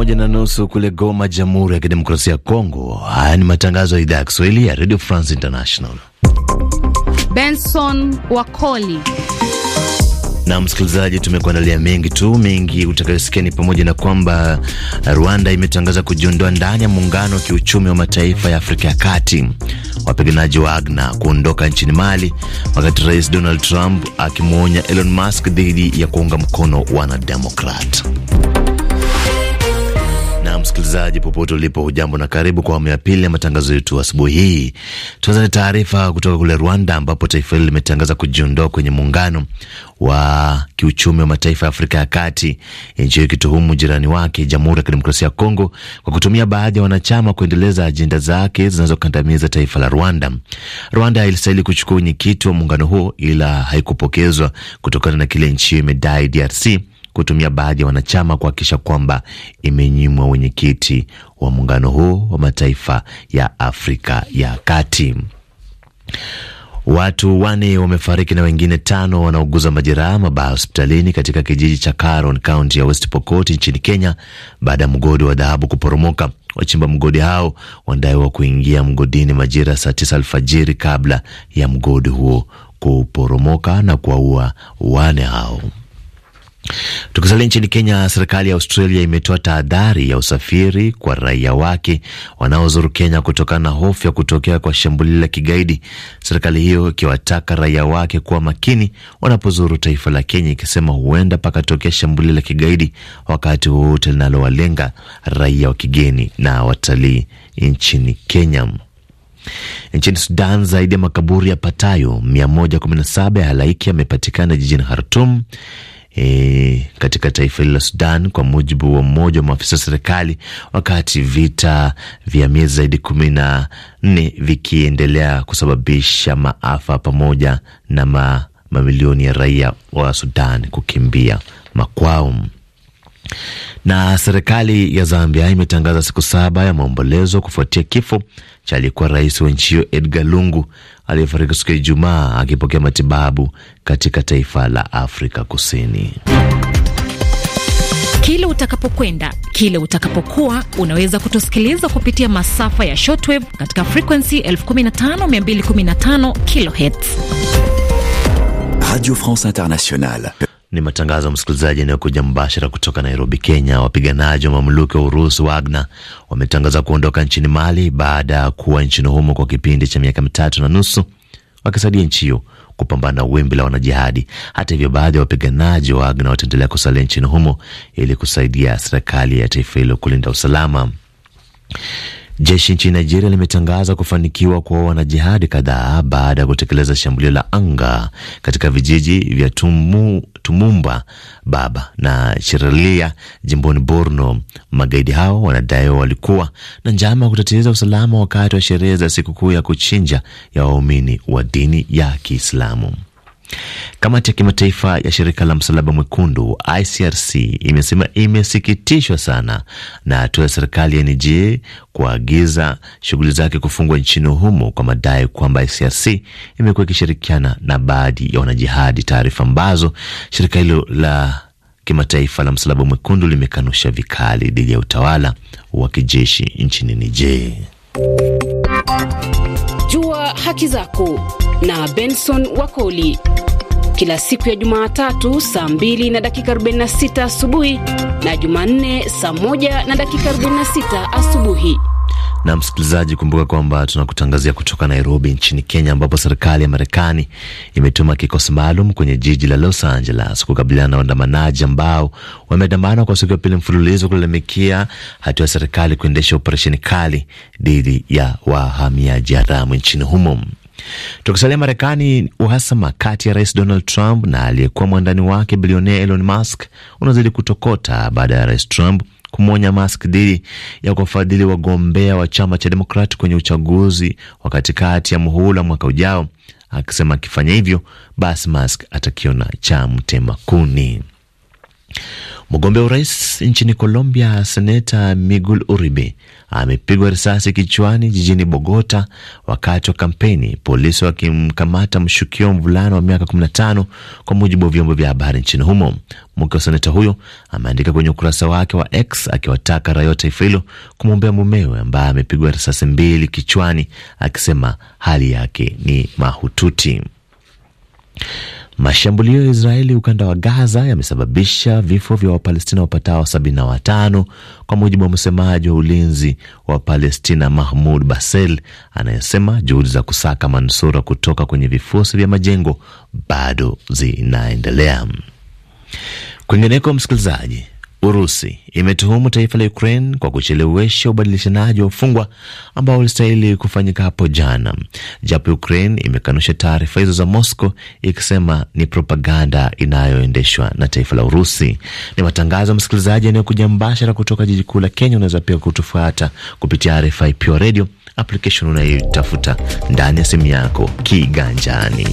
moja na nusu kule Goma, Jamhuri ya Kidemokrasia ya Kongo. Haya ni matangazo ya idhaa ya Kiswahili ya Radio France International. Benson Wakoli na msikilizaji, tumekuandalia mengi tu. Mengi utakayosikia ni pamoja na kwamba Rwanda imetangaza kujiondoa ndani ya muungano wa kiuchumi wa mataifa ya Afrika ya Kati, wapiganaji wa agna kuondoka nchini Mali, wakati Rais Donald Trump akimwonya Elon Musk dhidi ya kuunga mkono wanademokrat msikilizaji popote ulipo, hujambo na karibu kwa awamu ya pili ya matangazo yetu asubuhi hii. Tuanza na taarifa kutoka kule Rwanda, ambapo taifa hilo limetangaza kujiondoa kwenye muungano wa kiuchumi wa mataifa ya Afrika ya Kati, nchi hiyo ikituhumu jirani wake Jamhuri ya Kidemokrasia ya Kongo kwa kutumia baadhi ya wanachama kuendeleza ajenda zake zinazokandamiza taifa la Rwanda. Rwanda ilistahili kuchukua wenyekiti wa muungano huo, ila haikupokezwa kutokana na kile nchi hiyo imedai DRC kutumia baadhi ya wanachama kuhakikisha kwamba imenyimwa wenyekiti wa muungano huo wa mataifa ya Afrika ya Kati. Watu wane wamefariki na wengine tano wanaoguza majeraha mabaya hospitalini katika kijiji cha Karon, kaunti ya West Pokot nchini Kenya, baada ya mgodi wa dhahabu kuporomoka. Wachimba mgodi hao wanadaiwa kuingia mgodini majira saa tisa alfajiri kabla ya mgodi huo kuporomoka na kuwaua wane hao. Tukisalia nchini Kenya, serikali ya Australia imetoa tahadhari ya usafiri kwa raia wake wanaozuru Kenya kutokana na hofu ya kutokea kwa shambulio la kigaidi, serikali hiyo ikiwataka raia wake kuwa makini wanapozuru taifa la Kenya, ikisema huenda pakatokea shambulio la kigaidi wakati wowote linalowalenga raia wa kigeni na watalii nchini Kenya. Nchini Sudan, zaidi ya makaburi yapatayo 117 ya halaiki yamepatikana jijini Khartum e, katika taifa hili la Sudan, kwa mujibu wa mmoja wa maafisa wa serikali, wakati vita vya miezi zaidi kumi na nne vikiendelea kusababisha maafa pamoja na ma, mamilioni ya raia wa Sudan kukimbia makwao na serikali ya Zambia imetangaza siku saba ya maombolezo kufuatia kifo cha aliyekuwa rais wa nchi hiyo Edgar Lungu aliyefariki siku ya Ijumaa akipokea matibabu katika taifa la Afrika Kusini. Kile utakapokwenda kile utakapokuwa, unaweza kutusikiliza kupitia masafa ya shortwave katika frequency 15215 kilohertz. Radio France Internationale. Ni matangazo ya msikilizaji yanayokuja mbashara kutoka Nairobi, Kenya. Wapiganaji wa mamluki wa Urusi Wagner wametangaza kuondoka nchini Mali baada ya kuwa nchini humo kwa kipindi cha miaka mitatu na nusu wakisaidia nchi hiyo kupambana na wimbi la wanajihadi. Hata hivyo, baadhi ya wapiganaji wa Wagner wataendelea kusalia nchini humo ili kusaidia serikali ya taifa hilo kulinda usalama. Jeshi nchini Nigeria limetangaza kufanikiwa kuwaua wanajihadi kadhaa baada ya kutekeleza shambulio la anga katika vijiji vya Tumu, Tumumba Baba na Shiralia jimboni Borno. Magaidi hao wanadaiwa walikuwa na njama ya kutatiza usalama wakati wa sherehe za sikukuu ya kuchinja ya waumini wa dini ya Kiislamu. Kamati ya kimataifa ya shirika la msalaba mwekundu ICRC imesema imesikitishwa sana na hatua ya serikali ya Niger kuagiza shughuli zake kufungwa nchini humo kwa madai kwamba ICRC imekuwa ikishirikiana na baadhi ya wanajihadi, taarifa ambazo shirika hilo la kimataifa la msalaba mwekundu limekanusha vikali dhidi ya utawala wa kijeshi nchini Niger. Jua haki zako na Benson Wakoli kila siku ya Jumatatu saa 2 na dakika 46 asubuhi na Jumanne saa 1 na dakika 46 asubuhi. Na msikilizaji, kumbuka kwamba tunakutangazia kutoka Nairobi nchini Kenya, ambapo serikali ya Marekani imetuma kikosi maalum kwenye jiji la Los Angeles kukabiliana na waandamanaji ambao wameandamana kwa siku ya pili mfululizo kulalamikia hatua ya serikali kuendesha operesheni kali dhidi ya wahamiaji haramu nchini humo. Tukisalia Marekani, uhasama kati ya rais Donald Trump na aliyekuwa mwandani wake bilionea Elon Musk unazidi kutokota baada ya rais Trump kumwonya Musk dhidi ya kuwafadhili wagombea wa chama cha Demokrati kwenye uchaguzi wa katikati ya muhula mwaka ujao, akisema akifanya hivyo basi Musk atakiona cha mtema kuni. Mgombea urais nchini Colombia, seneta Miguel Uribe amepigwa risasi kichwani jijini Bogota wakati wa kampeni, polisi wakimkamata mshukiwa mvulana wa miaka 15, kwa mujibu wa vyombo vya habari nchini humo. Mke wa seneta huyo ameandika kwenye ukurasa wake wa X akiwataka raia wa taifa hilo kumwombea mumewe ambaye amepigwa risasi mbili kichwani, akisema hali yake ni mahututi. Mashambulio ya Israeli ukanda wa Gaza yamesababisha vifo vya Wapalestina wapatao 75 kwa mujibu wa msemaji wa ulinzi wa Palestina Mahmud Basel anayesema juhudi za kusaka manusura kutoka kwenye vifusi vya majengo bado zinaendelea. Kwingineko, msikilizaji Urusi imetuhumu taifa la Ukraine kwa kuchelewesha ubadilishanaji wa wafungwa ambao ulistahili kufanyika hapo jana, japo Ukraine imekanusha taarifa hizo za Moscow ikisema ni propaganda inayoendeshwa na taifa la Urusi. Ni matangazo ya msikilizaji yanayokuja mbashara kutoka jiji kuu la Kenya. Unaweza pia kutufuata kupitia RFI Pure Radio application unayoitafuta ndani ya simu yako kiganjani.